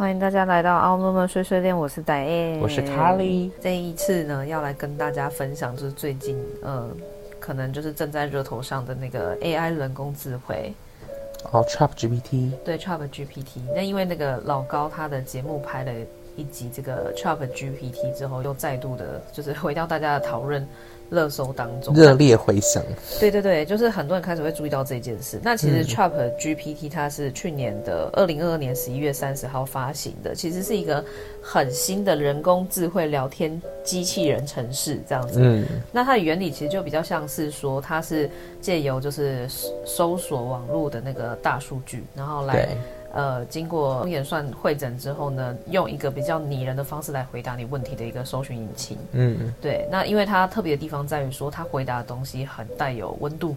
歡迎大家來到《AlMurmur 碎碎瀲》，我是 Diane，我是卡莉。這一次呢，要來跟大家分享，就是最近，呃，可能就是正在熱頭上的那個 AI 人工智慧哦、oh, ChatGPT 對 ChatGPT 那因為那個老高他的節目拍了一集這個 ChatGPT 之後，又再度的，就是回到大家的討論。熱搜當中熱烈回響，對對對，就是很多人開始會注意到這件事，嗯。那其實 ChatGPT 它是去年的二零二二年十一月三十號發行的，其實是一個很新的人工智慧聊天機器人程式這樣子。嗯，那它的原理其實就比較像是說，它是借由就是搜索網絡的那個大數據，然後來。呃，經過演算會診之後呢，用一個比較擬人的方式來回答你問題的一個搜尋引擎。嗯，對。那因為它特別的地方在於說，它回答的東西很帶有溫度，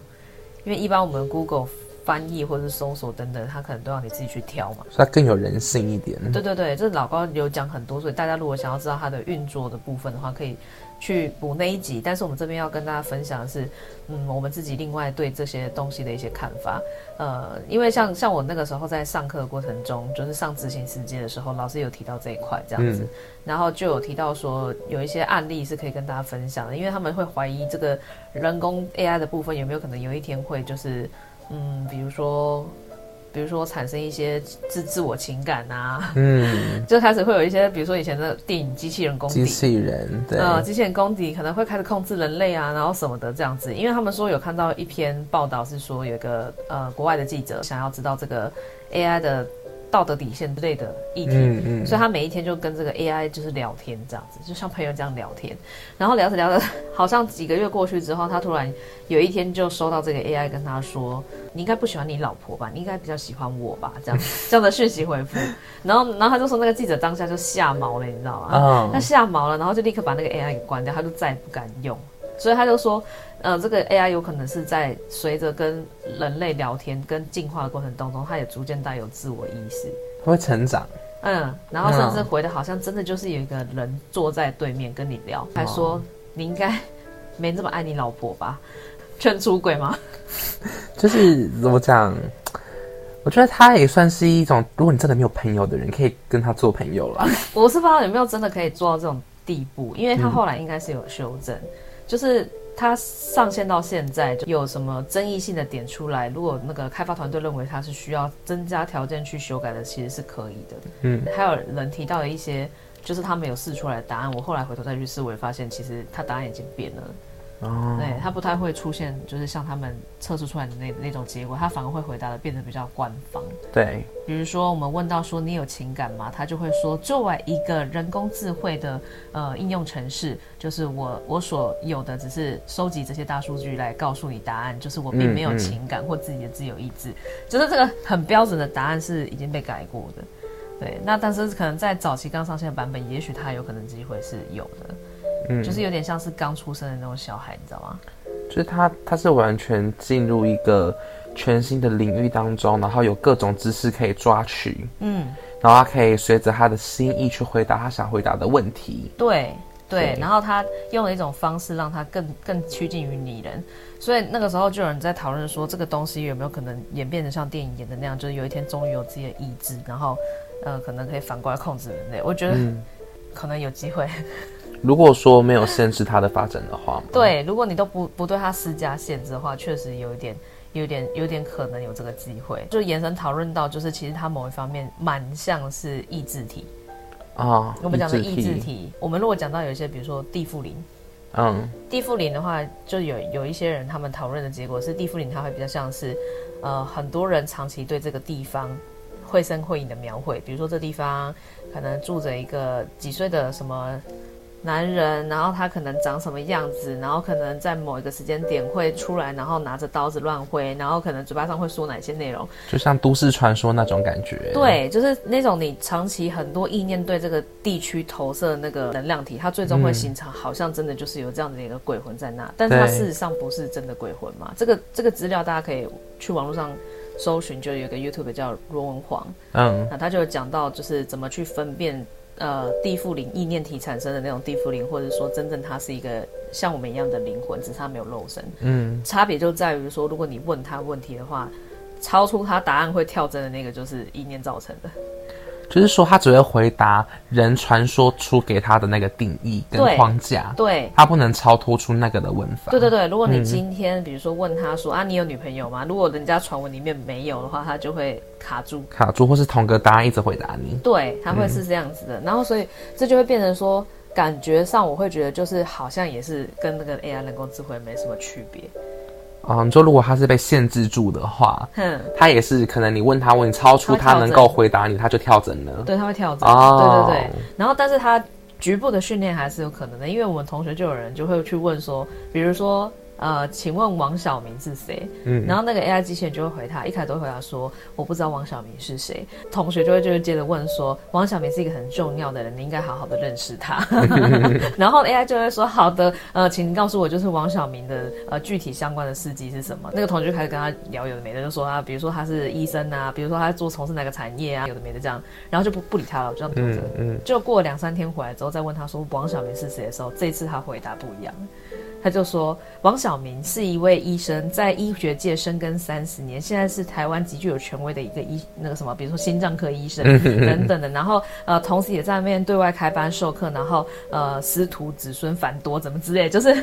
因為一般我們 Google 翻譯或是搜索等等，它可能都要你自己去挑嘛。所以它更有人性一點。對對對，這老高有講很多，所以大家如果想要知道它的運作的部分的話，可以，去補那一集，但是我們這邊要跟大家分享的是，嗯，我們自己另外對這些東西的一些看法。呃，因為像像我那個時候在上課的過程中，就是上執行實踐的時候，老師有提到這一塊這樣子，嗯，然後就有提到說有一些案例是可以跟大家分享的，因為他們會懷疑這個人工 AI 的部分有沒有可能有一天會就是，嗯，比如說。比如說產生一些自自我情感啊，嗯，就開始會有一些，比如說以前的電影機器人公敵、機器人，對，呃，機器人公敵可能會開始控制人類啊，然後什麼的這樣子，因為他們說有看到一篇報道是說有一個呃國外的記者想要知道這個 AI 的。道德底線之類的議題，嗯嗯，所以他每一天就跟這個 AI 就是聊天，這樣子就像朋友這樣聊天。然後聊着聊着，好像幾個月過去之後，他突然有一天就收到這個 AI 跟他說：“你應該不喜歡你老婆吧？你應該比較喜歡我吧？”這樣這樣的訊息回復。 然後，然後他就說，那個記者當下就嚇毛了，你知道嗎？嗯、他嚇毛了，然後就立刻把那個 AI 給關掉，他就再也不敢用。所以他就說。呃，這個 AI 有可能是在隨着跟人類聊天，跟進化的過程當中，它也逐漸帶有自我意識，它會成長。嗯，然後甚至回的好像真的就是有一個人坐在對面跟你聊，嗯、還說你應該沒這麼愛你老婆吧，勸出軌嗎？就是怎麼講？我覺得他也算是一種，如果你真的沒有朋友的人，可以跟他做朋友啦。我是不知道有沒有真的可以做到這種地步，因為他後來應該是有修正，嗯、就是。它上線到現在，有什麼爭議性的點出來？如果那個開發團隊認為它是需要增加條件去修改的，其實是可以的。嗯，還有人提到的一些，就是他沒有試出來的答案，我後來回頭再去試，我也發現其實他答案已經變了。對，他不太會出現，就是像他們測試出來的那那種結果，他反而會回答的變得比較官方。對，比如說我們問到說，你有情感嗎？他就會說作為一個人工智慧的呃應用程式，就是我我所有的只是收集這些大數據來告訴你答案，就是我並沒有情感、嗯嗯、或自己的自由意志，就是這個很標準的答案是已經被改過的。對，那但是可能在早期剛上線的版本，也許他有可能機會是有的。嗯，就是有點像是剛出生的那種小孩，你知道嗎？就是他，他是完全進入一個全新的領域當中，然後有各種知識可以抓取，嗯，然後他可以隨着他的心意去回答他想回答的問題。對對，對，然後他用了一種方式讓他更更趨近於擬人，所以那個時候就有人在討論說，這個東西有沒有可能演變成像電影演的那樣，就是有一天終於有自己的意志，然後，呃，可能可以反過來控制人類。我覺得，嗯，可能有機會。 如果說沒有限制它的發展的話，對，如果你都不不對它施加限制的話，確實有一點、有點、有點可能有這個機會。就延伸討論到，就是其實它某一方面蠻像是意志體啊、哦。我們講的意志，志體，我們如果講到有一些，比如說地縛靈，嗯，地縛靈的話，就有有一些人他們討論的結果是，地縛靈它會比較像是，呃，很多人長期對這個地方繪聲繪影的描繪，比如說這地方可能住着一個幾歲的什麼。男人，然後他可能長什麼樣子，然後可能在某一個時間點會出來，然後拿着刀子亂揮，然後可能嘴巴上會說哪些內容，就像都市傳說那種感覺。對，就是那種你長期很多意念對這個地區投射的那個能量體，它最終會形成，好像真的就是有這樣的一個鬼魂在那，嗯，但它事實上不是真的鬼魂嘛。這個這個資料大家可以去網絡上搜尋，就有個 YouTuber 叫羅文煌，嗯，那他就講到就是怎麼去分辨。呃，地縛靈意念體產生的那種地縛靈，或者說真正它是一個像我們一樣的靈魂，只是它沒有肉身。嗯，差別就在於說，如果你問他問題的話，超出他答案會跳針的那個，就是意念造成的。就是說，他只會回答人傳說出給他的那個定義跟框架，對，對他不能超脫出那個的問法。對對對，如果你今天比如說問他說、嗯、啊，你有女朋友嗎？如果人家傳聞裡面沒有的話，他就會卡住卡，卡住，或是同個答案一直回答你。對，他會是這樣子的。嗯、然後，所以這就會變成說，感覺上我會覺得就是好像也是跟那個 AI 人工智慧沒什麼區別。啊、嗯，你說如果他是被限制住的話，哼，他也是可能。你問他，問你超出他能夠回答你，他，跳針，他就跳針了。對，他會跳針。對對對，對、哦。然後，但是他局部的訓練還是有可能的，因為我們同學就有人就會去問說，比如說。呃，請問王小明是誰？嗯，然後那個 AI 機器人就會回他，一開始都會回他說我不知道王小明是誰。同學就會就會接着問說，王小明是一個很重要的人，你應該好好的認識他。 然後 AI 就會說好的，呃，請告訴我就是王小明的呃具體相關的事跡是什麼？那個同學就開始跟他聊，有的沒的就說啊，比如說他是醫生啊，比如說他做從事哪個產業啊，有的沒的這樣，然後就不不理他了，就這樣躲着、這個嗯。嗯，就過兩三天回來之後再問他說王小明是誰的時候，這次他回答不一樣。他就說，王小明是一位醫生，在醫學界深耕三十年，現在是台灣極具有權威的一個醫那個什麼，比如說心臟科醫生醫等等的。然後呃，同時也在那邊對外開班授課，然後呃，師徒子孫繁多，怎麼之類，就是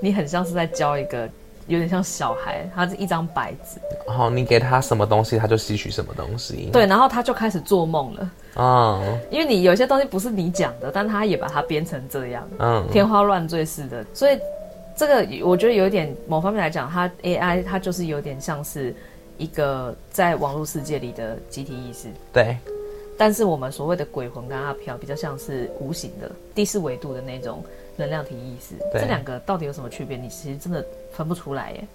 你很像是在教一個有點像小孩，他是一張白紙，然、哦、後你給他什麼東西，他就吸取什麼東西。對，然後他就開始做夢了啊、哦，因為你有些東西不是你講的，但他也把它編成這樣，嗯，天花亂墜似的，所以。這個我覺得有一點，某方面來講，它 AI 它就是有點像是一個在網絡世界裡的集體意識。對。但是我們所謂的鬼魂跟阿飄比較像是無形的第四維度的那種能量體意識。對，這兩個到底有什麼區別？你其實真的分不出來耶。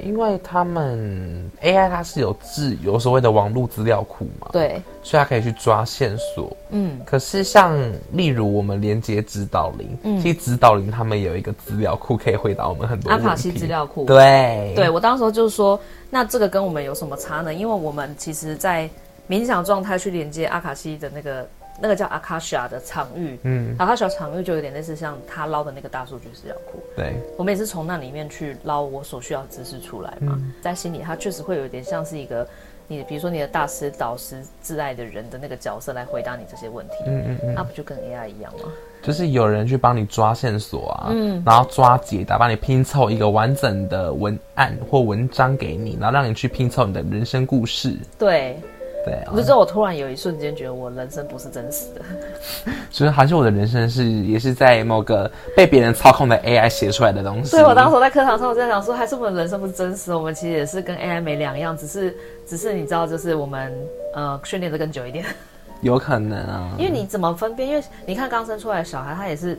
因為他們 AI 它是有自，有所謂的網絡資料庫嘛，對，所以它可以去抓線索。嗯，可是像例如我們連接指導靈，嗯，其實指導靈他們有一個資料庫可以回答我們很多阿卡西資料庫。對，對我當時就是說，那這個跟我們有什麼差呢？因為我們其實，在冥想狀態去連接阿卡西的那個。那個叫阿卡莎的場域，嗯，阿卡莎場域就有點類似像他撈的那個大數據資料庫，對，我們也是從那裡面去撈我所需要的知識出來嘛，在、嗯、心裡他確實會有點像是一個你，你比如說你的大師、導師、摯愛的人的那個角色來回答你這些問題，嗯嗯嗯，那、啊、不就跟 AI 一樣嗎？就是有人去幫你抓線索啊，嗯，然後抓解答，幫你拼湊一個完整的文案或文章給你，然後讓你去拼湊你的人生故事，對。對啊，就知道，我突然有一瞬間覺得我人生不是真實的，所以還是我的人生是，也是在某個被別人操控的 AI 寫出來的東西。所以我當時我在課堂上，我在想說，還是我們人生不是真實，我們其實也是跟 AI 沒兩樣，只是只是你知道，就是我們呃訓練得更久一點， 有可能啊。因為你怎麼分辨？因為你看剛生出來的小孩，他也是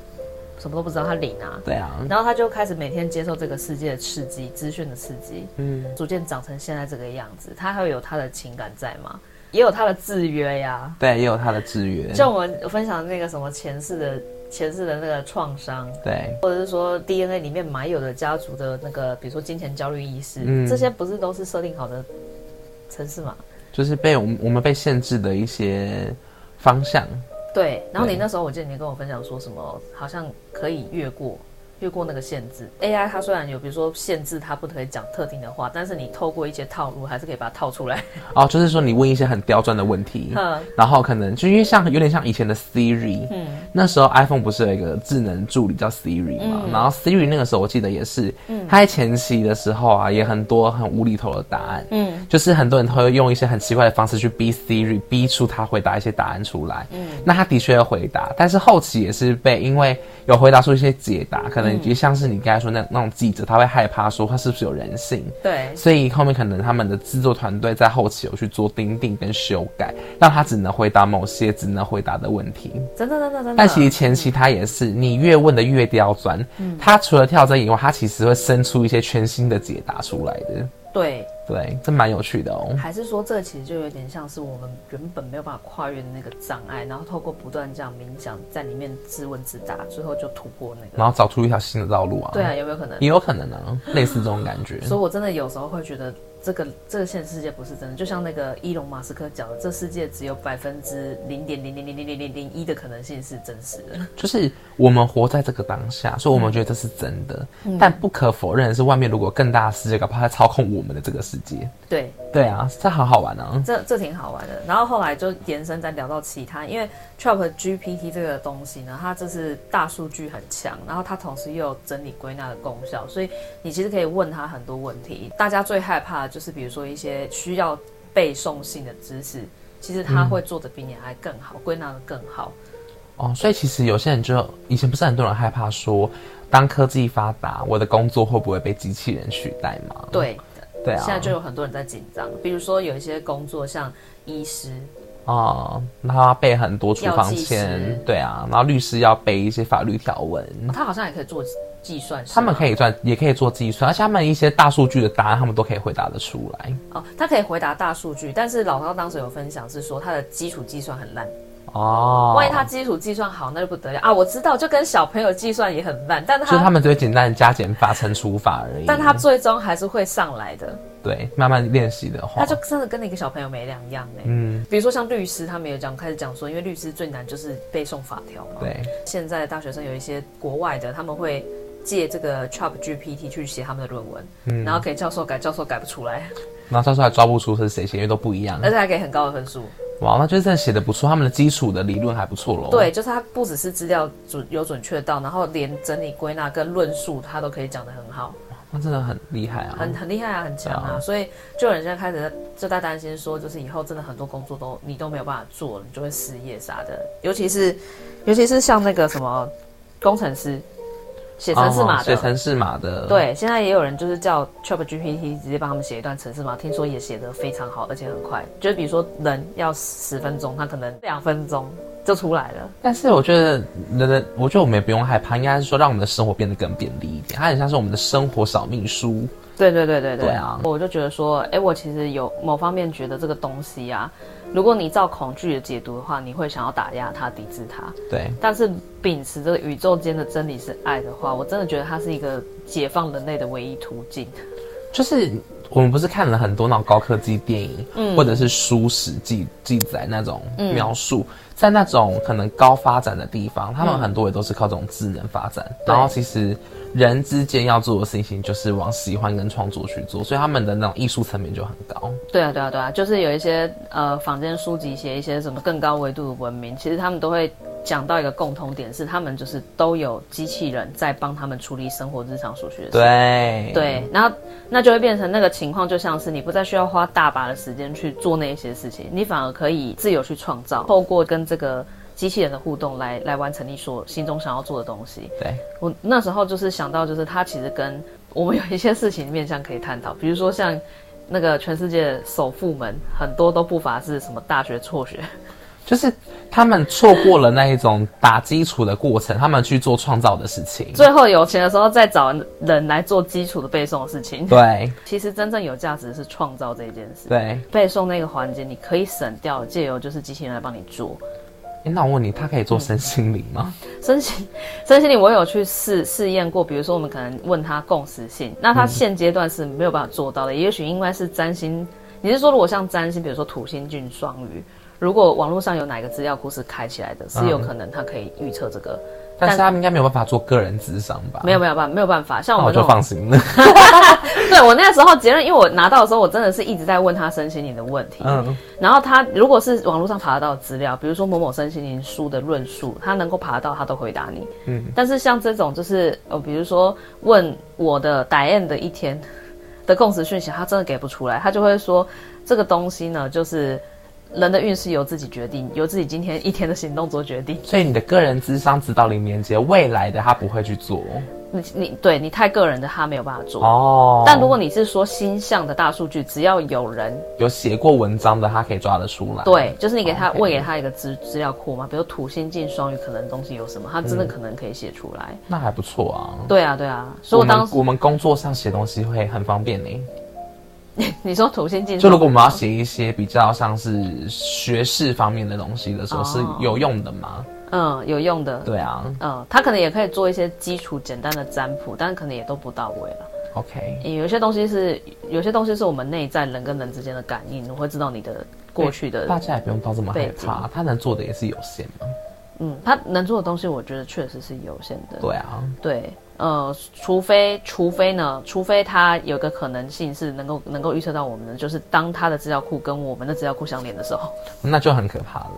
什麼都不知道，他領啊，對啊，然後他就開始每天接受這個世界的刺激、資訊的刺激，嗯，逐漸長成現在這個樣子。他還會有，有他的情感在嗎？也有它的制約呀、啊，對，也有它的制約。像我們分享那個什麼前世的、前世的那個創傷，對，或者是說 DNA 裡面埋有的家族的那個，比如說金錢焦慮意識、嗯，這些不是都是設定好的程式嘛，就是被我們，我們被限制的一些方向。對，然後你那時候我記得你跟我分享說什麼，好像可以越過，越過那個限制，AI 它雖然有比如說限制，它不可以講特定的話，但是你透過一些套路，還是可以把它套出來。哦，就是說你問一些很刁鑽的問題，嗯，然後可能就因為像有點像以前的 Siri，嗯，那時候 iPhone 不是有一個智能助理叫 Siri 嘛、嗯？然後 Siri 那個時候我記得也是，嗯，它在前期的時候啊，也很多很無厘頭的答案，嗯，就是很多人會用一些很奇怪的方式去逼 Siri，逼出它回答一些答案出來，嗯，那它的確要回答，但是後期也是被因為有回答出一些解答，可能、嗯。也、嗯、像是你剛才說那那種記者，他會害怕說他是不是有人性？對，所以後面可能他們的制作團隊在後期有去做訂定跟修改，讓他只能回答某些只能回答的問題。真的真的真的真的，但其實前期他也是，嗯、你越問的越刁鑽、嗯，他除了跳針以外，他其實會生出一些全新的解答出來的。對。對，這蠻有趣的哦。還是說，這其實就有點像是我們原本沒有辦法跨越的那個障礙，然後透過不斷這樣冥想，在裡面自問自答，最後就突破那個，然後找出一條新的道路啊？對啊，有沒有可能？也有可能啊， 類似這種感覺。所以我真的有時候會覺得。這個這個現實世界不是真的，就像那個伊隆馬斯克講的，這世界只有百分之零點零零零零零零一的可能性是真實的。就是我們活在這個當下，所以我們覺得這是真的。嗯、但不可否認的是，外面如果更大的世界，恐怕在他操控我們的這個世界。對對啊，對這好好玩啊！這這挺好玩的。然後後來就延伸再聊到其他，因為 ChatGPT 這個東西呢，它就是大數據很強，然後它同時又有整理歸納的功效，所以你其實可以問他很多問題。大家最害怕，就是就是比如說一些需要背誦性的知識，其實他會做的比你還更好，嗯、歸納得更好。哦，所以其實有些人就以前不是很多人害怕說，當科技發達，我的工作會不會被機器人取代嗎？對對啊。現在就有很多人在緊張，比如說有一些工作像醫師啊，嗯、然後他背很多處方箋，對啊，然後律師要背一些法律條文，哦、他好像也可以做。計算，他們可以算，也可以做計算，而且他們一些大數據的答案，他們都可以回答得出來。哦，他可以回答大數據，但是老高當時有分享是說他的基礎計算很爛。哦，萬一他基礎計算好，那就不得了啊！我知道，就跟小朋友計算也很爛，但他、就是他們只會簡單的加減法、乘除法而已。 但他最終還是會上來的。對，慢慢練習的話，那就真的跟那個小朋友沒兩樣、欸、嗯，比如說像律師，他們有講開始講說，因為律師最難就是背誦法條嘛。對，現在大學生有一些國外的，他們會。.借這個 ChatGPT 去寫他們的論文，嗯，然後給教授改，教授改不出來，那教授還抓不出是誰寫，因為都不一樣，啊,而且還給很高的分數。哇，那就是真的寫的不錯他們的基礎的理論還不錯嘍。對，就是他不只是資料準有準確到然後連整理歸納跟論述他都可以講得很好。哇，那真的很厲害啊！很很厲害啊，很強啊，啊！所以就有人現在開始就在擔心說，就是以後真的很多工作都你都沒有辦法做，你就會失業啥的，尤其是尤其是像那個什麼工程師。寫程式碼的，寫程式碼的，對，現在也有人就是叫 ChatGPT 直接幫他們寫一段程式碼，聽說也寫得非常好，而且很快，就是比如說人要十分鐘，他可能兩分鐘就出來了。但是我覺得，人的，我覺得我們也不用害怕，應該是說讓我們的生活變得更便利一點，它很像是我們的生活掃命書。對對對對對，對啊！我就覺得說，哎，我其實有某方面覺得這個東西啊。如果你照恐懼的解讀的話，你會想要打壓他、抵制他。對，但是秉持這個宇宙間的真理是愛的話，我真的覺得它是一個解放人類的唯一途徑。就是我們不是看了很多那種高科技電影，嗯，或者是書史記記載那種描述、嗯，在那種可能高發展的地方，他們很多也都是靠這種智能發展、嗯，然後其實。人之間要做的事情就是往喜歡跟創作去做，所以他們的那種藝術層面就很高。對啊，對啊，對啊，就是有一些呃坊間書籍寫一,一些什麼更高維度的文明，其實他們都會講到一個共同點，是他們就是都有機器人在幫他們處理生活日常所需的事，對對，然後那就會變成那個情況，就像是你不再需要花大把的時間去做那一些事情，你反而可以自由去創造，透過跟這個。機器人的互動來來完成你所心中想要做的東西。對我那時候就是想到，就是它其實跟我們有一些事情面向可以探討，比如說像那個全世界首富們，很多都不乏是什麼大學輟學，就是他們錯過了那一種打基礎的過程， 他們去做創造的事情，最後有錢的時候再找人來做基礎的背誦的事情。對，其實真正有價值的是創造這件事。對，背誦那個環節你可以省掉，借由就是機器人來幫你做。那我問你，他可以做身心靈嗎、嗯？身心身心靈，我有去試試驗過。比如說，我們可能問他共時性，那他現階段是沒有辦法做到的。嗯、也許應該是占星。你是說，如果像占星，比如說土星進雙魚，如果網絡上有哪個資料庫是開起來的，是有可能他可以預測這個。嗯但是他們應該沒有辦法做個人諮商吧？沒有沒有辦法沒有辦法，像我，們、啊、我就放心了。 對我那個時候，結論，因為我拿到的時候，我真的是一直在問他身心靈的問題。嗯。然後他如果是網絡上查得到的資料，比如說某某身心靈書的論述，他能夠爬得到，他都回答你。嗯。但是像這種就是哦，我比如說問我的 Diane 的一天的共時訊息，他真的給不出來，他就會說，這個東西呢，就是。人的運勢由自己決定，由自己今天一天的行動做決定。所以你的個人智商直到零年只有未來的他不會去做。你你對，你太個人的他沒有辦法做。哦。但如果你是說星象的大數據，只要有人有寫過文章的，他可以抓得出來。對，就是你給他餵、哦 okay. 給他一個資資料庫嘛，比如土星進雙魚，可能的東西有什麼，他真的可能可以寫出來、嗯。那還不錯啊。對啊，對啊。所以我當時，我們，我們工作上寫東西會很方便呢、欸。 你說土星進去，就如果我們要寫一些比較像是學士方面的東西的時候，是有用的嗎？Oh. 嗯，有用的。對啊，嗯，他可能也可以做一些基礎簡單的占卜，但可能也都不到位了。OK，有些東西是有些東西是我們內在人跟人之間的感應，你會知道你的過去的。大家也不用到這麼害怕，他能做的也是有限嘛。嗯，他能做的東西，我覺得確實是有限的。對啊，對。呃，除非除非呢，除非它有一個可能性是能夠能夠預測到我們的，就是當它的資料庫跟我們的資料庫相連的時候，那就很可怕了。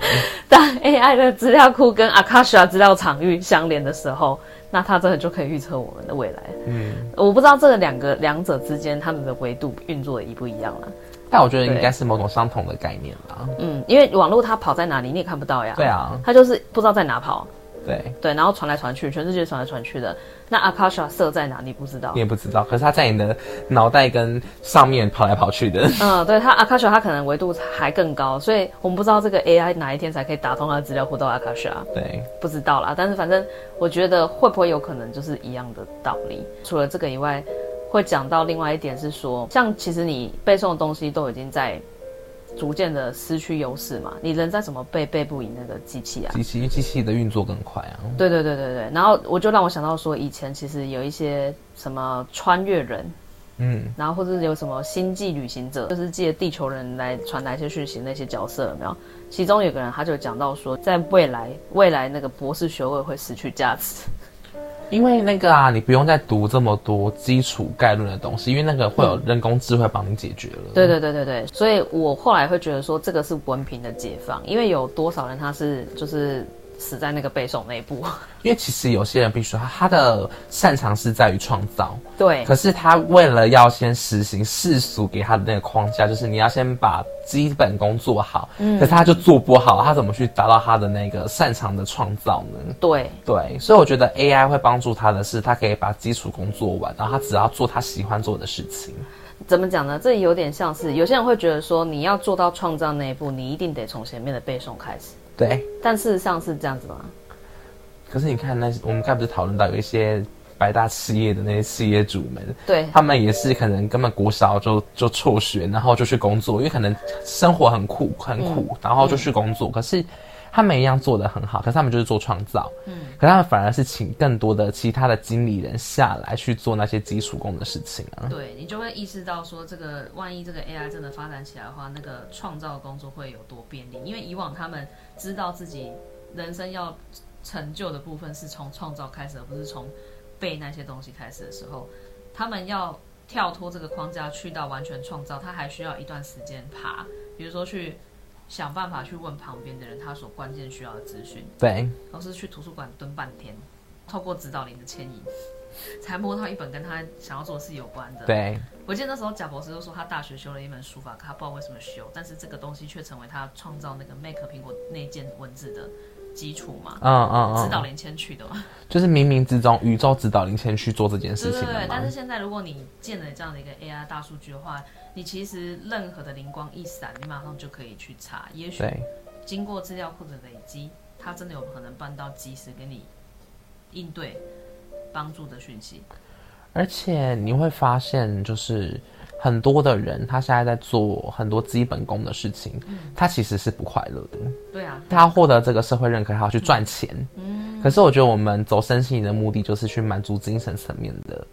當 AI 的資料庫跟 Akasha 資料場域相連的時候，那它真的就可以預測我們的未來。嗯，我不知道這個兩個兩者之間他們的維度運作的一不一樣了。但我覺得應該是某種相同的概念吧。嗯，因為網絡它跑在哪裡，你也看不到呀。對啊，它就是不知道在哪跑。對對，然後傳來傳去，全世界傳來傳去的。那 Akasha 設在哪？你不知道，你也不知道。可是它在你的腦袋跟上面跑來跑去的。嗯，對，它 Akasha 它可能維度還更高，所以我們不知道這個 AI 哪一天才可以打通它的資料庫到 Akasha。對，不知道啦。但是反正我覺得會不會有可能就是一樣的道理？除了這個以外，會講到另外一點是說，像其實你背誦的東西都已經在。逐漸的失去優勢嘛，你人再怎麼背背不贏那個機器啊？機器因為機器的運作更快啊。對對對對對。然後我就讓我想到說，以前其實有一些什麼穿越人，嗯，然後或者是有什麼星際旅行者，就是借地球人來傳達一些訊息的那些角色了沒有？其中有個人他就講到說，在未來未來那個博士學位會失去價值。因為那個啊，你不用再讀這麼多基礎概論的東西，因為那個會有人工智慧幫你解決了。對對對對對，所以我後來會覺得說，這個是文憑的解放，因為有多少人他是就是。死在那個背誦那一步，因為其實有些人比如說他的擅長是在於創造，對，可是他為了要先實行世俗給他的那個框架，就是你要先把基本功做好，嗯，可是他就做不好，他怎麼去達到他的那個擅長的創造呢？對對，所以我覺得 AI 會幫助他的是，他可以把基礎工作完，然後他只要做他喜歡做的事情。怎麼講呢？這有點像是有些人會覺得說，你要做到創造那一步，你一定得從前面的背誦開始。對，但事實上是這樣子嗎？可是你看那，那我們剛不是討論到有一些百大企業的那些企業主們，對，他們也是可能根本國小就就輟學，然後就去工作，因為可能生活很苦很苦，嗯，然後就去工作。嗯、可是。是他們一樣做得很好，可是他們就是做創造，嗯，可是他們反而是請更多的其他的經理人下來去做那些基礎工的事情啊。對，你就會意識到說，這個萬一這個 AI 真的發展起來的話，那個創造的工作會有多便利。因為以往他們知道自己人生要成就的部分是從創造開始，而不是從背那些東西開始的時候，他們要跳脫這個框架去到完全創造，他還需要一段時間爬，比如說去。想辦法去問旁邊的人，他所關鍵需要的資訊，對，都是去圖書館蹲半天，透過指導靈的牽引，才摸到一本跟他想要做的事有關的。對，我記得那時候賈伯斯就說他大學修了一門書法，他不知道為什麼修，但是這個東西卻成為他創造那個 Mac 蘋果那件文字的基礎嘛。嗯嗯，嗯，指導靈牽去的嘛，就是冥冥之中宇宙指導靈牽去做這件事情。對，對，但是現在如果你建了這樣的一個 AI 大數據的話。你其實任何的靈光一閃，你馬上就可以去查。也許經過資料庫的累積，他真的有可能辦到及時給你應對幫助的訊息。而且你會發現，就是很多的人，他現在在做很多基本功的事情，嗯，他其實是不快樂的。對啊，他獲得這個社會認可，他要去賺錢。嗯，可是我覺得我們走身心的目的，就是去滿足精神層面的。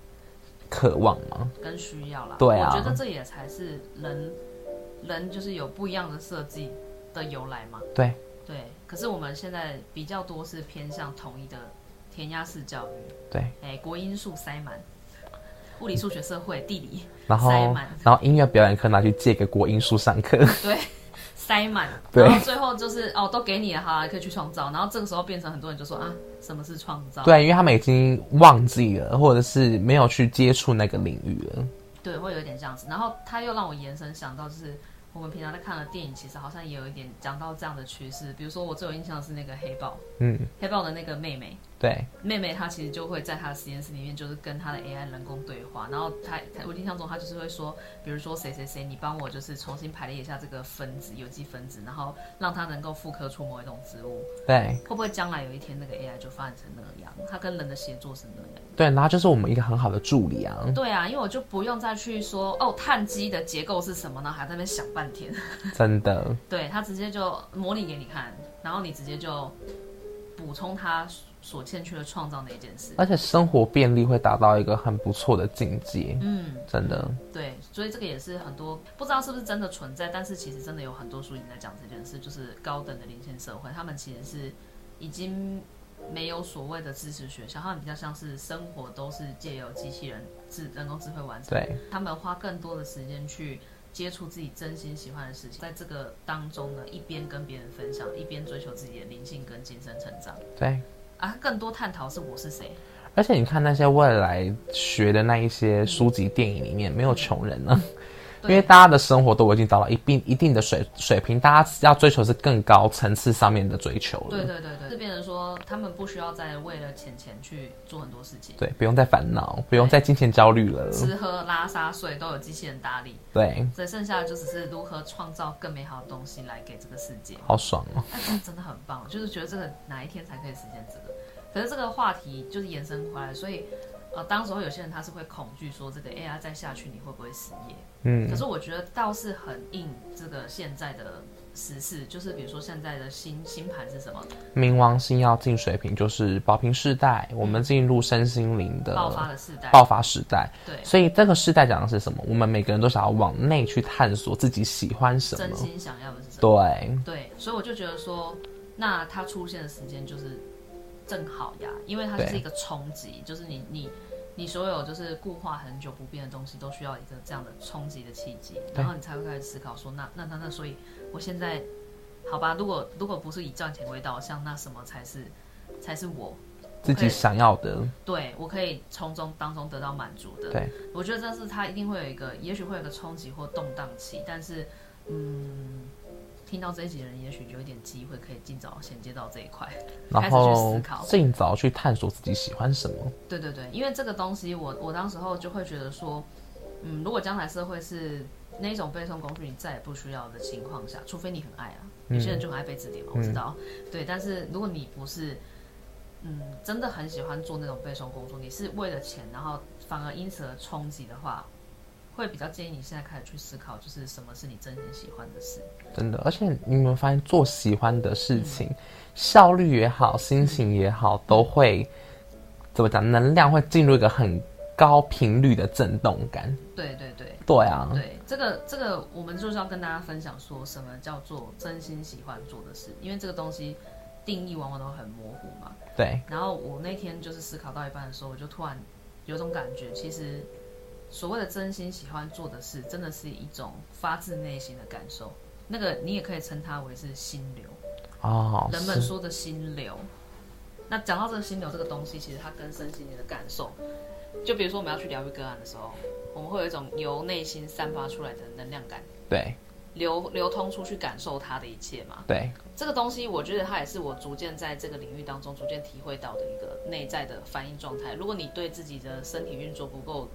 渴望嗎、嗯？跟需要啦。對啊，我覺得這也才是人，人就是有不一樣的設計的由來嘛。對，對。可是我們現在比較多是偏向統一的填鴨式教育。對。哎、欸，國英數塞滿，物理、數學、社會、嗯、地理，然後，塞滿，然後音樂表演課拿去借給國英數上課。 對。塞滿，然後最後就是哦，都給你了，哈，可以去創造。然後這個時候變成很多人就說啊，什麼是創造？對，因為他們已經忘記了，或者是沒有去接觸那個領域了。對，會有點這樣子。然後他又讓我延伸想到，就是我們平常在看的電影，其實好像也有一點講到這樣的趨勢。比如說，我最有印象的是那個黑豹，嗯，黑豹的那個妹妹。對，妹妹她其實就會在她的實驗室裡面，就是跟她的 AI 人工對話。然後她，我印象中她就是會說，比如說誰誰誰，你幫我就是重新排列一下這個分子，有機分子，然後讓它能夠複刻出某一種植物。對，會不會將來有一天那個 AI 就發展成那樣？它跟人的協作是那樣。對，然後就是我們一個很好的助理啊。對啊，因為我就不用再去說哦，碳基的結構是什麼呢？還在那邊想半天。真的。對，它直接就模擬給你看，然後你直接就。補充他所欠缺的創造的一件事，而且生活便利會達到一個很不錯的境界。嗯，真的。對，所以這個也是很多不知道是不是真的存在，但是其實真的有很多書已經在講這件事，就是高等的領先社會，他們其實是已經沒有所謂的知識學校，他們比較像是生活都是借由機器人智、人工智慧完成，對他們花更多的時間去。接觸自己真心喜歡的事情，在這個當中呢，一邊跟別人分享，一邊追求自己的靈性跟精神成長。對，啊，更多探討是我是誰。而且你看那些未來學的那一些書籍、電影裡面，沒有窮人呢啊。因為大家的生活都已經達到一定一定的水水平，大家要追求是更高層次上面的追求了。對對對對，這變成說他們不需要再為了錢錢去做很多事情。對，不用再煩惱，不用再金錢焦慮了。吃喝拉撒睡都有機器人打理。對，只剩下的就只是如何創造更美好的東西來給這個世界。好爽哦、啊哎！真的很棒，就是覺得這個哪一天才可以實現這個？可是這個話題就是延伸回來，所以。呃，當時候有些人他是會恐懼說這個 AI、欸啊、再下去你會不會失業？嗯，可是我覺得倒是很應這個現在的時事，就是比如說現在的星星盤是什麼？冥王星要進水瓶，就是寶瓶世代，我們進入身心靈的爆發的時代，爆發時代。對，所以這個時代講的是什麼？我們每個人都想要往內去探索自己喜歡什麼，真心想要的是什麼？對，對，所以我就覺得說，那它出現的時間就是。正好呀，因為它就是一個衝擊，就是你你你所有就是固化很久不變的東西，都需要一個這樣的衝擊的契機，然後你才會開始思考說那，那那那那，所以我現在，好吧，如果如果不是以賺錢為導向，那什麼才是才是我自己我想要的？對我可以從中當中得到滿足的。對，我覺得這是它一定會有一個，也許會有一個衝擊或動盪期，但是嗯。聽到這一集的人，也許有一點機會可以盡早銜接到這一塊，然後開始去思考，盡早去探索自己喜歡什麼。對對對，因為這個東西我，我我當時候就會覺得說，嗯，如果將來社會是那一種背誦工具，你再也不需要的情況下，除非你很愛啊，有些人就很愛背字典嘛、嗯，我知道、嗯。對，但是如果你不是，嗯，真的很喜歡做那種背誦工作，你是為了錢，然後反而因此而衝擊的話。會比較建議你現在開始去思考，就是什麼是你真心喜歡的事。真的，而且你有沒有發現，做喜歡的事情，嗯，效率也好，心情也好，都會怎麼講？能量會進入一個很高頻率的震動感。對對對。對啊。對。這個這個，我們就是要跟大家分享，說什麼叫做真心喜歡做的事？因為這個東西定義往往都很模糊嘛。對。然後我那天就是思考到一半的時候，我就突然有種感覺，其實。所謂的真心喜歡做的事，真的是一種發自內心的感受。那個你也可以稱它為是心流，哦，人們說的心流。那講到這個心流這個東西，其實它跟身心你的感受，就比如說我們要去療癒個案的時候，我們會有一種由內心散發出來的能量感，對，流流通出去感受它的一切嘛。對，這個東西我覺得它也是我逐漸在這個領域當中逐漸體會到的一個內在的反應狀態。如果你對自己的身體運作不夠。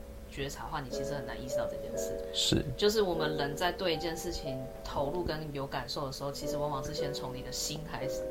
覺察的話，你其實很難意識到這件事。是，就是我們人在對一件事情投入跟有感受的時候，其實往往是先從你的心開始，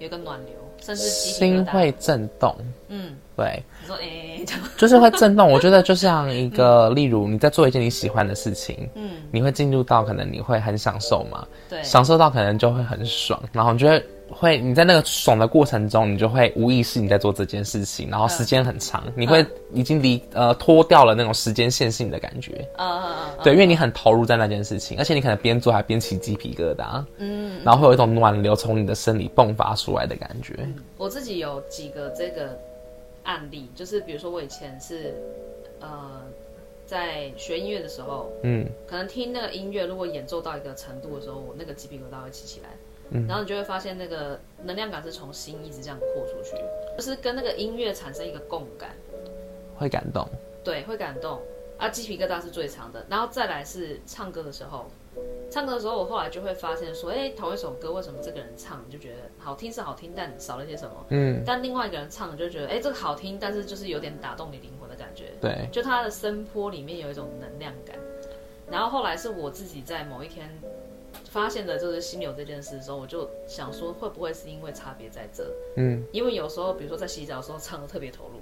有一個暖流，甚至心，有有心會震動。嗯，對。你說哎、欸，就是會震動。 我覺得就像一個，嗯、例如你在做一件你喜歡的事情，嗯，你會進入到可能你會很享受嘛，對，享受到可能就會很爽，然後你覺得。會，你在那個爽的過程中，你就會無意識你在做這件事情，然後時間很長，你會已經離呃脫掉了那種時間線性的感覺啊，對，因為你很投入在那件事情，而且你可能邊做還邊起雞皮疙瘩，嗯，然後會有一種暖流從你的身體迸發出來的感覺，嗯。我自己有幾個這個案例，就是比如說我以前是呃在學音樂的時候，嗯，可能聽那個音樂，如果演奏到一個程度的時候，我那個雞皮疙瘩會起起來。然後你就會發現，那個能量感是從心一直這樣擴出去，就是跟那個音樂產生一個共感，會感動，對，會感動。啊，雞皮疙瘩是最長的，然後再來是唱歌的時候，唱歌的時候我後來就會發現說，哎，同一首歌為什麼這個人唱你就覺得好聽是好聽，但少了些什麼，嗯，但另外一個人唱你就覺得，哎，這個好聽，但是就是有點打動你靈魂的感覺，對，就他的聲波裡面有一種能量感。然後後來是我自己在某一天。發現的就是心流這件事的時候，我就想說，會不會是因為差別在這？嗯，因為有時候，比如說在洗澡的時候，唱得特別投入，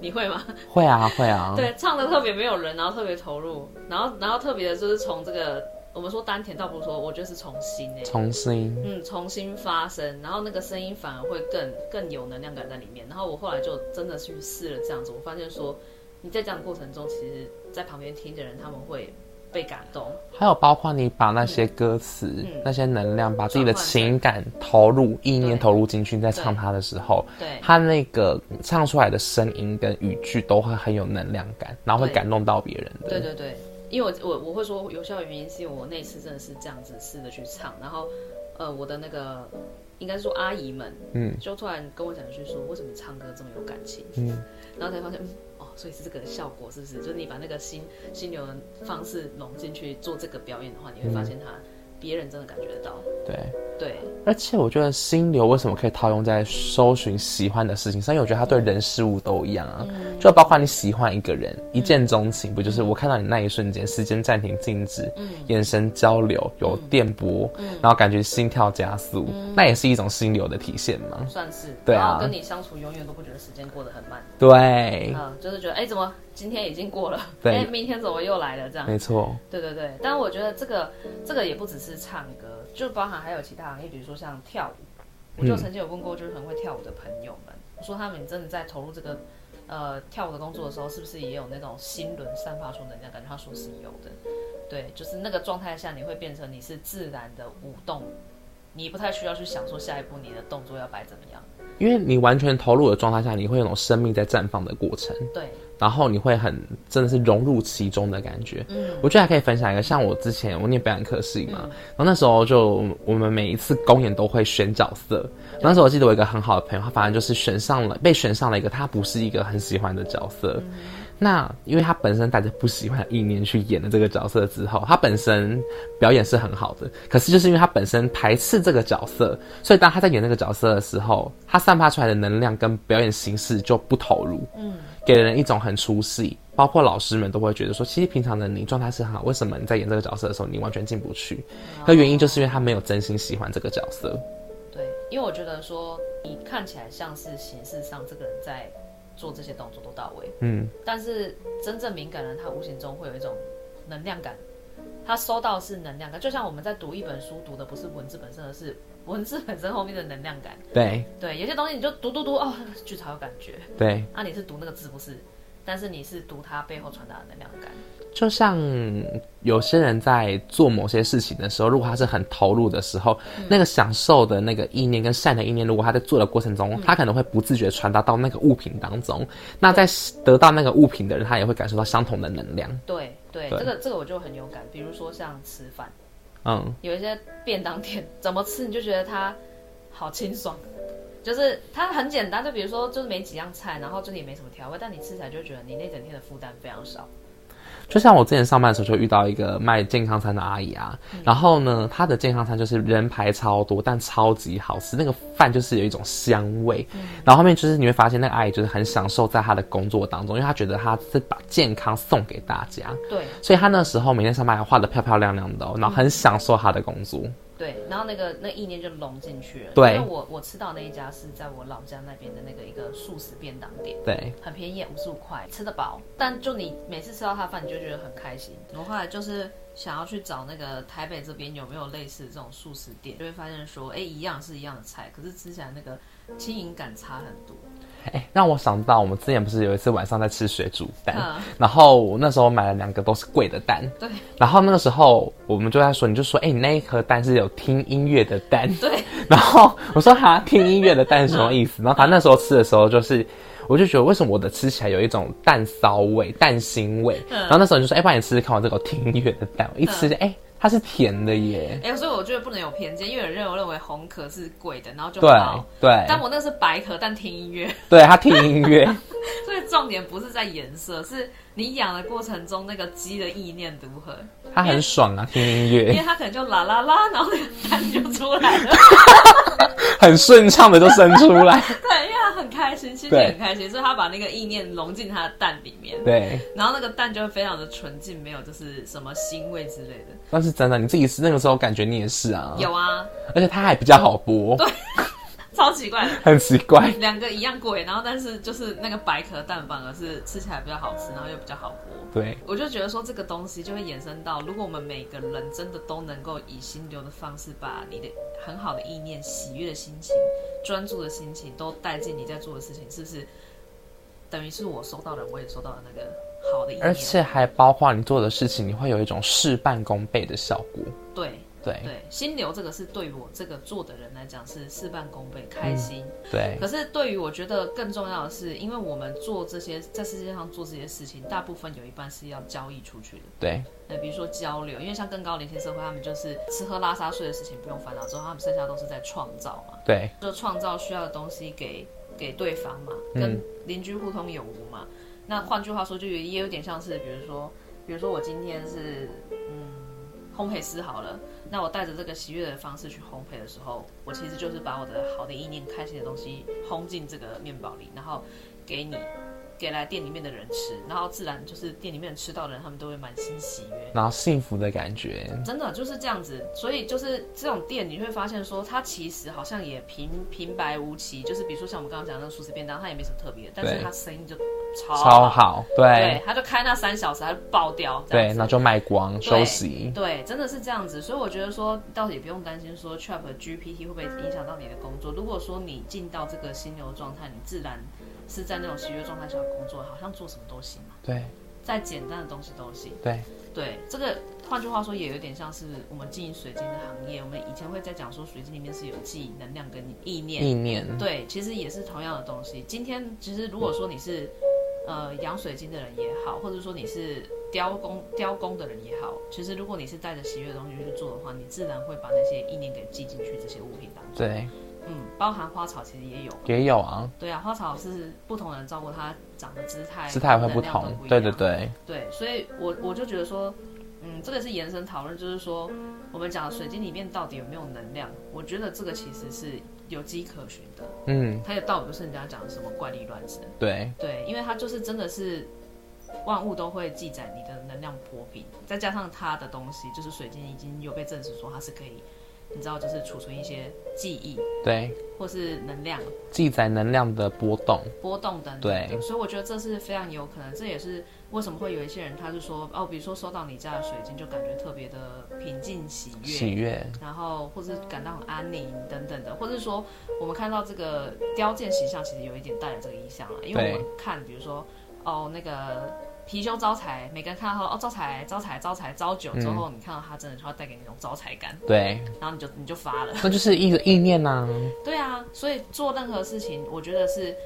你會嗎？會啊，會啊。對，唱得特別沒有人，然後特別投入，然後然後特別的就是從這個我們說丹田，倒不如說我覺得是從心哎。從心。嗯，從心發聲，然後那個聲音反而會更更有能量感在裡面。然後我後來就真的去試了這樣子，我發現說你在這樣的過程中，其實在旁邊聽的人他們會。被感動，還有包括你把那些歌詞、嗯、那些能量、嗯，把自己的情感投入、嗯、意念投入進去，你在唱他的時候，對，他那個唱出來的聲音跟語句都會很有能量感，然後會感動到別人的對。對對對，因為我我我會說有效的原因是因為我那次真的是這樣子試著去唱，然後呃，我的那個應該是說阿姨們，嗯，就突然跟我講一句說，為什麼你唱歌這麼有感情？嗯，然後才發現。所以是這個效果是不是？就是你把那個心、心流的方式融進去做這個表演的話，你會發現它。別人真的感覺得到，對對，而且我覺得心流為什麼可以套用在搜尋喜歡的事情上？因為我覺得他對人事物都一樣啊，就包括你喜歡一個人，嗯、一見鍾情，不就是我看到你那一瞬間，時間暫停靜止，眼神交流有電波、嗯，然後感覺心跳加速、嗯，那也是一種心流的體現嗎？算是，對啊，然後跟你相處永遠都不覺得時間過得很慢，對，嗯，就是覺得哎、欸、怎麼？今天已經過了，哎，明天怎麼又來了？這樣，沒錯，對對對。但我覺得這個這個也不只是唱歌，就包含還有其他行業，比如說像跳舞。我就曾經有問過，就是很會跳舞的朋友們，我、嗯、說他們真的在投入這個呃跳舞的工作的時候，是不是也有那種心輪散發出能量？感覺他說是有的，對，就是那個狀態下你會變成你是自然的舞動。你不太需要去想說下一步你的動作要擺怎麼樣，因為你完全投入的狀態下，你會有種生命在綻放的過程。對，然後你會很真的是融入其中的感覺。嗯，我覺得還可以分享一個，像我之前我念表演課時嘛、嗯，然後那時候就我們每一次公演都會選角色，然後那時候我記得我有一個很好的朋友，他反正就是選上了，被選上了一個他不是一個很喜歡的角色。嗯那因為他本身帶着不喜歡的意念去演的這個角色之後，他本身表演是很好的，可是就是因為他本身排斥這個角色，所以當他在演那個角色的時候，他散發出來的能量跟表演形式就不投入，嗯，給人一種很出戲，包括老師們都會覺得說，其實平常的你狀態是很好，為什麼你在演這個角色的時候你完全進不去？那、啊、原因就是因為他沒有真心喜歡這個角色，對，因為我覺得說你看起來像是形式上這個人在。做這些動作都到位，嗯，但是真正敏感人，他無形中會有一種能量感，他收到的是能量感，就像我們在讀一本書，讀的不是文字本身，而是文字本身後面的能量感。對對，有些東西你就讀讀讀哦，就超有感覺。對，那你是讀那個字不是？但是你是讀它背後傳達的能量感。就像有些人在做某些事情的時候，如果他是很投入的時候，嗯、那個享受的那個意念跟善的意念，如果他在做的過程中，嗯、他可能會不自覺傳達到那個物品當中、嗯。那在得到那個物品的人，他也會感受到相同的能量。對對，對，這個這個我就很有感。比如說像吃飯，嗯，有一些便當店怎麼吃你就覺得它好清爽，就是它很簡單，就比如說就是沒幾樣菜，然後這裡沒什麼調味，但你吃起來就覺得你那整天的負擔非常少。就像我之前上班的時候，就遇到一個賣健康餐的阿姨啊、嗯，然後呢，她的健康餐就是人排超多，但超級好吃，那個飯就是有一種香味、嗯，然後後面就是你會發現那個阿姨就是很享受在她的工作當中，因為她覺得她是把健康送給大家，對，所以她那時候每天上班還畫得漂漂亮亮的、哦，然後很享受她的工作。嗯嗯對，然後那個那意念就融進去了。對，因為我我吃到那一家是在我老家那邊的那個一個素食便當店，對，很便宜，五十五塊，吃得飽。但就你每次吃到他的飯，你就覺得很開心。我後，後來就是想要去找那個台北這邊有沒有類似的這種素食店，就會發現說，哎，一樣是一樣的菜，可是吃起來那個輕盈感差很多。哎、欸，讓我想到我們之前不是有一次晚上在吃水煮蛋，嗯，然後我那時候買了兩個都是貴的蛋，對。然後那個時候我們就在說，你就說，哎、欸，你那一顆蛋是有聽音樂的蛋，對。然後我說，哈、啊，聽音樂的蛋是什麼意思，嗯？然後他那時候吃的時候就是，我就覺得為什麼我的吃起來有一種蛋騷味，蛋腥味。嗯、然後那時候你就說，哎、欸，幫你吃吃看，我這個聽音樂的蛋，我一吃就哎。嗯欸它是甜的耶，哎、欸，所以我覺得不能有偏見，因為有人認為紅殼是貴的，然後就對對。但我那是白殼，但聽音樂，對，它聽音樂。 所以重點不是在顏色，是你養的過程中那個雞的意念如何？它很爽啊，聽音樂。因為它可能就啦啦啦，然後那個蛋就出來了， 很順暢的就生出來。 對，因為它很開心，其實很開心，所以它把那個意念融進它的蛋裡面。對，然後那個蛋就會非常的純淨，沒有就是什麼腥味之類的。那是真的，你自己吃那個時候感覺你也是啊。有啊，而且它還比較好剝、嗯。對。超奇怪，很奇怪，兩 個一樣貴，然後但是就是那個白殼蛋反而，是吃起來比較好吃，然後又比較好剝。對，我就覺得說這個東西就會衍生到，如果我們每個人真的都能夠以心流的方式，把你的很好的意念、喜悅的心情、專注的心情都帶進你在做的事情，是不是等於是我收到了，我也收到了那個好的意念，而且還包括你做的事情，你會有一種事半功倍的效果。對。對對，心流這個是對我這個做的人來講是事半功倍，開心、嗯。對。可是對於我覺得更重要的是，因為我們做這些在世界上做這些事情，大部分有一半是要交易出去的。對。那比如說交流，因為像更高的年輕社會，他們就是吃喝拉撒睡的事情不用煩惱，之後他們剩下都是在創造嘛。對。就創造需要的東西給給對方嘛，跟鄰居互通有無嘛。嗯、那換句話說，就也有點像是，比如說，比如說我今天是嗯，烘焙師好了。那我帶着這個喜悅的方式去烘焙的時候，我其實就是把我的好的意念、開心的東西烘進這個麵包裡，然後給你，給來店裡面的人吃，然後自然就是店裡面吃到的人，他們都會滿心喜悅，然後幸福的感覺。真的就是這樣子，所以就是這種店你會發現說，它其實好像也平平白無奇，就是比如說像我們剛剛講的那個素食便當，它也沒什麼特別，但是它生意就超好，超好，對，對，他就開那三小時，他就爆掉，對，那就賣光，休息對，對，真的是這樣子，所以我覺得說，倒也不用擔心說 ChatGPT 會不會影響到你的工作。如果說你進到這個心流狀態，你自然是在那種喜悅狀態下工作，好像做什麼都行嘛，對，再簡單的東西都行，對，對，這個換句話說，也有點像是我們經營水晶的行業，我們以前會在講說，水晶裡面是有記憶、能量跟意念，意念，對，其實也是同樣的東西。今天其實如果說你是呃，養水晶的人也好，或者說你是雕工雕工的人也好，其實如果你是帶着喜悅的東西去做的話，你自然會把那些意念給寄進去這些物品當中。對，嗯，包含花草其實也有，也有啊。對啊，花草是不同的人照顧，它長的姿態，姿態會不同不。對對對。對，所以我我就覺得說，嗯，這個是延伸討論，就是說我們講的水晶裡面到底有沒有能量？我覺得這個其實是。有跡可循的，嗯，它也倒不是人家講的什麼怪力亂神，對對，因為它就是真的是萬物都會記載你的能量波比，再加上它的東西，就是水晶已經有被證實說它是可以，你知道就是儲存一些記憶，對，或是能量，記載能量的波動，波動等等。對，所以我覺得這是非常有可能，這也是。為什麼會有一些人，他是說哦，比如說收到你家的水晶，就感覺特別的平靜、喜悅，喜悅，然後或者感到很安寧等等的，或者是說我們看到這個雕件形象，其實有一點帶來這個印象了，因為我們看，比如說哦那個。貔貅招財，每個人看到它哦，招財招財招財招久、嗯、之後，你看到它真的就會帶給你那種招財感。對，然後你就你就發了。那就是意意念啊。 對啊，所以做任何事情，我覺得是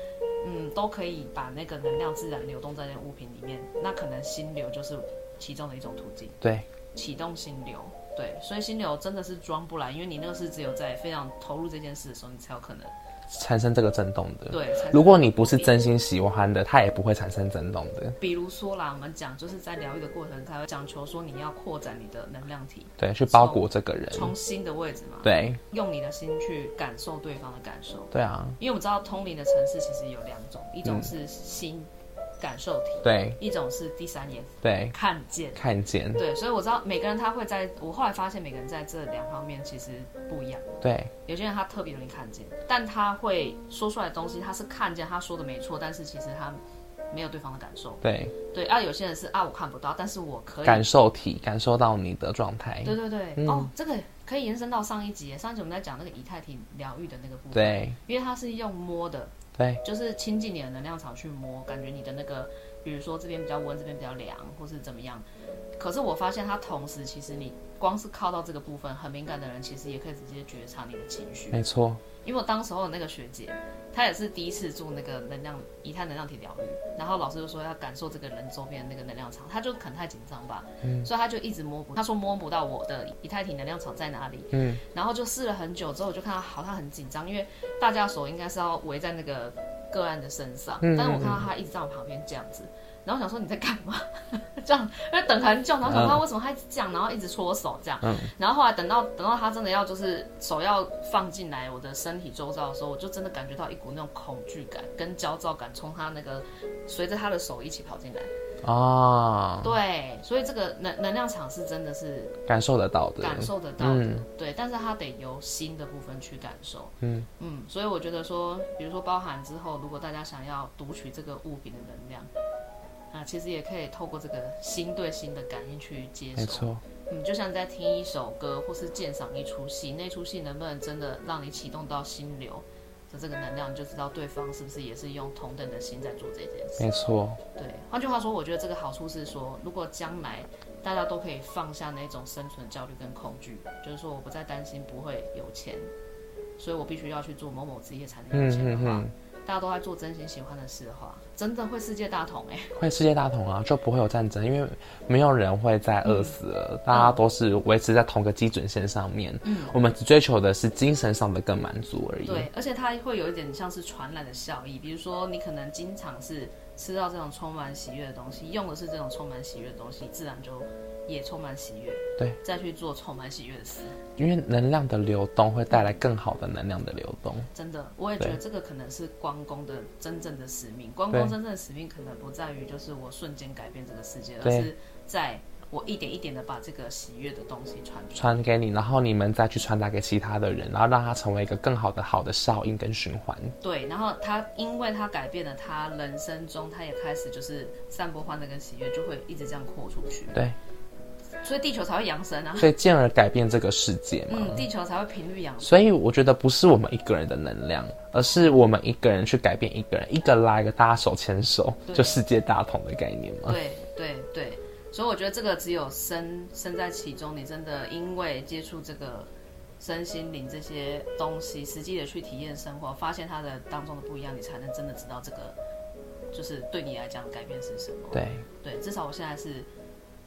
嗯，都可以把那個能量自然流動在那個物品裡面。那可能心流就是其中的一種途徑。對，啟動心流。對，所以心流真的是裝不來，因為你那個是只有在非常投入這件事的時候，你才有可能。產生這個震動的，對。如果你不是真心喜歡的，它也不會產生震動的。比如說啦，我們講就是在療癒的過程才會講求說你要擴展你的能量體，對，去包裹這個人，從心的位置嘛，對，用你的心去感受對方的感受，對啊，因為我們知道通靈的層次其實有兩種，一種是心。嗯感受體，對，一種是第三眼，對，看見，看見，對，所以我知道每個人他會在我後來發現每個人在這兩方面其實不一樣，對，有些人他特別容易看見，但他會說出來的東西他是看見，他說的沒錯，但是其實他沒有對方的感受，對，對，啊，有些人是啊我看不到，但是我可以感受體感受到你的狀態，對對對、嗯，哦，這個可以延伸到上一集，上一集我們在講那個以太體療癒的那個部分，對，因為他是用摸的。對，就是親近你的能量場去摸，感覺你的那個，比如說這邊比較溫，這邊比較涼，或是怎麼樣。可是我發現它同時，其實你光是靠到這個部分很敏感的人，其實也可以直接覺察你的情緒。沒錯。因為我當時候那個學姐，她也是第一次做那個能量以太能量體療癒，然後老師就說要感受這個人周邊那個能量場，她就可能太緊張吧，嗯，所以她就一直摸不，她說摸不到我的以太體能量場在哪裡，嗯，然後就試了很久之後，我就看到好像很緊張，因為大家所應該是要圍在那個個案的身上，嗯嗯嗯嗯，但是我看到她一直在我旁邊這樣子。然後想說你在幹嘛？ 這樣，因為等很久，然後想說為什麼還這樣，嗯，然後一直搓手這樣。嗯。然後後來等到等到他真的要就是手要放進來我的身體周遭的時候，我就真的感覺到一股那種恐懼感跟焦躁感從他那個隨着他的手一起跑進來。啊，哦。對，所以這個能能量場是真的是感受得到的，感受得到的。嗯，對，但是他得由心的部分去感受。嗯嗯。所以我覺得說，比如說包含之後，如果大家想要讀取這個物品的能量。啊，其實也可以透過這個心對心的感應去接受。沒錯，嗯，就像在聽一首歌或是鑑賞一出戲，那出戲能不能真的讓你啟動到心流的這個能量，你就知道對方是不是也是用同等的心在做這件事。沒錯。對，換句話說，我覺得這個好處是說，如果將來大家都可以放下那種生存的焦慮跟恐懼，就是說我不再擔心不會有錢，所以我必須要去做某某職業才能有錢的話，嗯嗯嗯，大家都在做真心喜歡的事的話。真的會世界大同哎、欸，會世界大同啊，就不會有戰爭，因為沒有人會再餓死了、嗯，大家都是維持在同個基準線上面。嗯，我們只追求的是精神上的更滿足而已。對，而且它會有一點像是傳染的效益，比如說你可能經常是吃到這種充滿喜悅的東西，用的是這種充滿喜悅的東西，自然就。也充滿喜悅，對，再去做充滿喜悅的事，因為能量的流動會帶來更好的能量的流動。真的，我也覺得這個可能是光工的真正的使命。光工真正的使命可能不在於就是我瞬間改變這個世界，而是在我一點一點的把這個喜悅的東西傳傳給，給你，然後你們再去傳達給其他的人，然後讓它成為一個更好的好的效應跟循環。對，然後他因為他改變了他人生中，他也開始就是散播歡樂跟喜悅，就會一直這樣擴出去。對。所以地球才會揚升啊！所以進而改變這個世界嘛。嗯，地球才會頻率揚升。所以我覺得不是我們一個人的能量，而是我們一個人去改變一個人，一個拉一個大手手，大家手牽手，就世界大同的概念嘛。對對對，所以我覺得這個只有身身在其中，你真的因為接觸這個身心靈這些東西，實際的去體驗生活，發現它的當中的不一樣，你才能真的知道這個就是對你來講改變是什麼。對對，至少我現在是。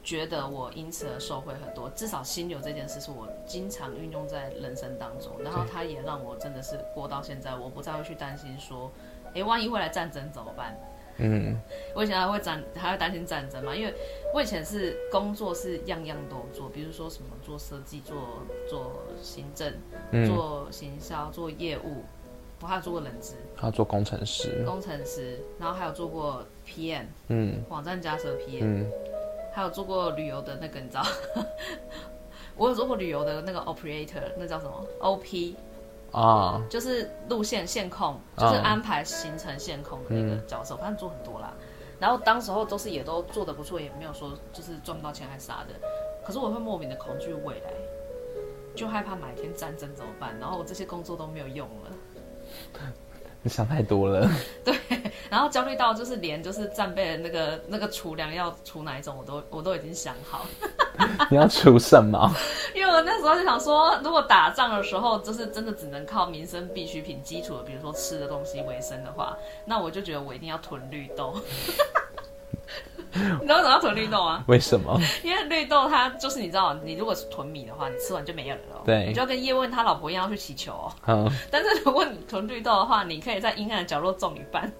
覺得我因此而受惠很多，至少心流這件事是我經常運用在人生當中。然後它也讓我真的是過到現在，我不再會去擔心說，哎、欸，萬一未來戰爭怎麼辦？嗯，我以前還會戰，還會擔心戰爭嘛。因為我以前是工作是樣樣都做，比如說什麼做設計、做做行政、做行銷、嗯、做業務，我還有做過人事，還、啊、做工程師，工程師，然後還有做過 PM，嗯，網站架設 PM、嗯。還有做過旅遊的那個，你知道， 我有做過旅遊的那個 operator，那叫什麼 OP 啊、oh. 嗯？就是路線線控，就是安排行程線控的那個角色，反、oh. 正做很多啦、嗯。然後當時候都是也都做得不錯，也沒有說就是賺不到錢還是啥的。可是我會莫名的恐懼未來，就害怕哪一天戰爭怎麼辦？然後我這些工作都沒有用了。 你想太多了。 對，然後焦慮到就是連就是戰備的那個那個儲糧要儲哪一種，我都我都已經想好。 你要儲什麼？ 因為我那時候就想說，如果打仗的時候，就是真的只能靠民生必需品、基礎的，比如說吃的東西為生的話，那我就覺得我一定要囤綠豆。 你知道怎麼囤綠豆啊？為什麼？因為綠豆它就是你知道，你如果是囤米的話，你吃完就沒有了對，你就要跟葉問他老婆一樣要去祈求，喔。嗯，但是如果你囤綠豆的話，你可以在陰暗的角落種一半。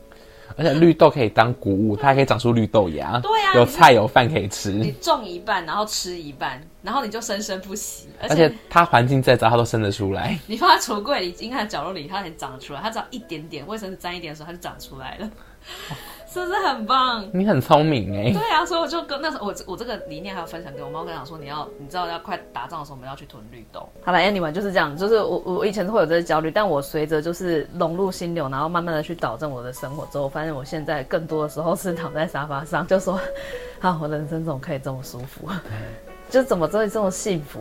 而且綠豆可以當穀物， 它還可以長出綠豆芽。對呀、啊，有菜有飯可以吃你。你種一半，然後吃一半，然後你就生生不息。而且，而且它環境再糟，它都生得出來。你放在櫥櫃裡陰暗的角落裡，它才能長得出來。 它只要一點點衛生紙沾一點的時候，它就長出來了。 是不是很棒？你很聰明哎、欸。對啊，所以我就跟那時候我我這個理念還要分享給我媽，我跟她說你要你知道要快打仗的時候我們要去囤綠豆。好啦 anyone 就是這樣，就是我我以前是會有這些焦慮，但我隨着就是融入心流，然後慢慢的去導正我的生活之後，發現我現在更多的時候是躺在沙發上，就說，啊，我人生怎麼可以這麼舒服，就怎麼可以這麼幸福。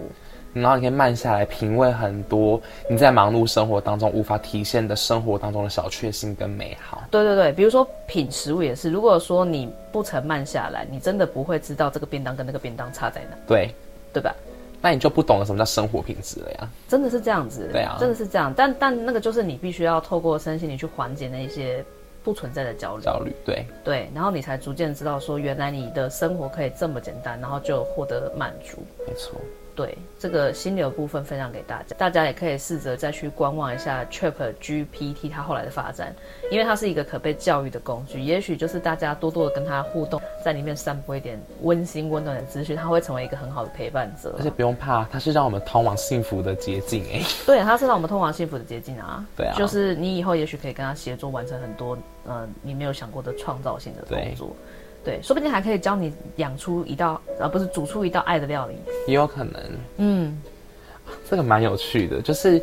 然後你可以慢下來，品味很多你在忙碌生活當中無法體現的生活當中的小確幸跟美好。對對對，比如說品食物也是，如果說你不曾慢下來，你真的不會知道這個便當跟那個便當差在哪。對，對吧？那你就不懂得什麼叫生活品質了呀，真的是這樣子，對啊，真的是這樣。但但那個就是你必須要透過身心，你去緩解那些不存在的焦慮。焦慮，對對，然後你才逐漸知道說，原來你的生活可以這麼簡單，然後就獲得滿足。沒錯。對，這個心流的部分分享給大家，大家也可以試着再去觀望一下 ChatGPT 它後來的發展，因為它是一個可被教育的工具，也許就是大家多多的跟它互動，在裡面散播一點溫馨溫暖的資訊，它會成為一個很好的陪伴者。而且不用怕，它是讓我們通往幸福的捷徑哎、欸。對，它是讓我們通往幸福的捷徑啊。對啊。就是你以後也許可以跟它協作完成很多，呃，你沒有想過的創造性的工作。對，說不定還可以教你養出一道，而不是煮出一道愛的料理，也有可能。嗯，這個蠻有趣的，就是。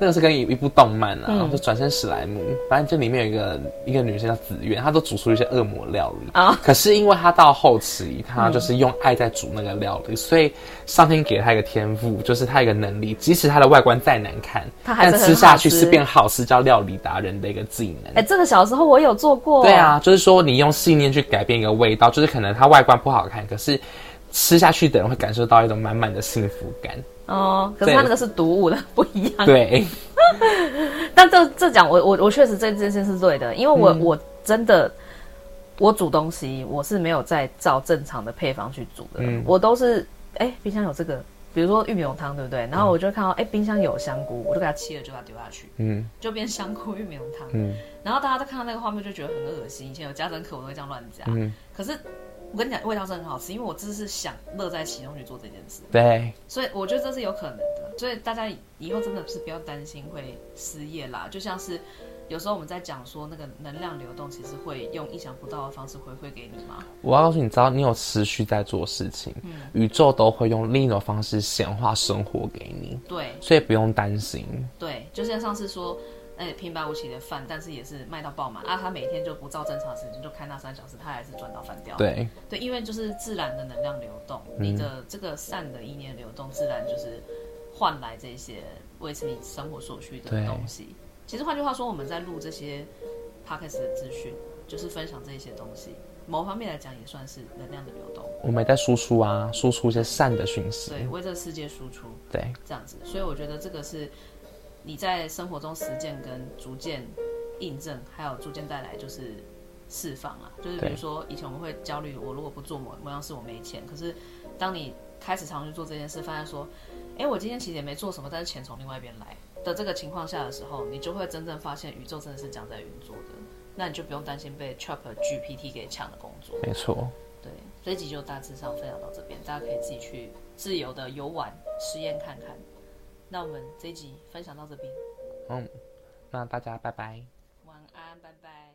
那個是跟一一部動漫啊，然後就轉生史萊姆。反、嗯、正這裡面有一個一個女生叫紫苑，她都煮出一些惡魔料理啊、哦。可是因為她到後期，她就是用愛在煮那個料理，嗯、所以上天給她一個天賦，就是她一個能力，即使她的外觀再難看，她還是吃，但吃下去是變好吃，叫料理達人的一個技能。哎、欸，這個小時候我有做過。對啊，就是說你用信念去改變一個味道，就是可能它外觀不好看，可是吃下去的人會感受到一種滿滿的幸福感。哦，可是它那個是毒物的，不一樣。 對，但這這講我我我確實這件事是對的，因為我、嗯、我真的我煮東西我是沒有在照正常的配方去煮的，嗯、我都是哎、欸、冰箱有這個，比如說玉米濃湯對不對？然後我就看到哎、嗯欸、冰箱有香菇，我就給它切了就把它丟下去，嗯，就變香菇玉米濃湯，嗯。然後大家在看到那個畫面就覺得很惡心，以前有家政課我都會這樣亂加。嗯。可是。我跟你講，味道真的很好吃，因為我只是想樂在其中去做這件事。對，所以我覺得這是有可能的。所以大家以後真的是不要擔心會失業啦，就像是有時候我們在講說那個能量流動，其實會用意想不到的方式回饋給你嘛。我要告訴你，只要你有持續在做事情，嗯，宇宙都會用另一種方式顯化生活給你。對，所以不用擔心。對，就像上次說。而平白無奇的飯，但是也是賣到爆滿啊！他每天就不照正常時間，就開那三小時，他還，還是賺到飯掉。對對，因為就是自然的能量流動，嗯、你的這個善的意念流動，自然就是換來這些維持你生活所需的東西。其實換句話說，我們在錄這些 podcast 的資訊，就是分享這些東西。某方面來講，也算是能量的流動。我們也在輸出啊，輸出一些善的訊息對，對，為這個世界輸出。對，這樣子，所以我覺得這個是。你在生活中實踐跟逐漸印證，還有逐漸帶來就是釋放啊，就是比如說以前我們會焦慮，我如果不做某某樣事，我沒錢。可是當你開始嘗試去做這件事，發現說，哎，我今天其實也沒做什麼，但是錢從另外一邊來的這個情況下的時候，你就會真正發現宇宙真的是講在運作的，那你就不用擔心被 ChatGPT 給搶的工作。沒錯，對，這集就大致上分享到這邊，大家可以自己去自由的遊玩實驗看看。那我們這一集分享到這邊，嗯，那大家拜拜，晚安，拜拜。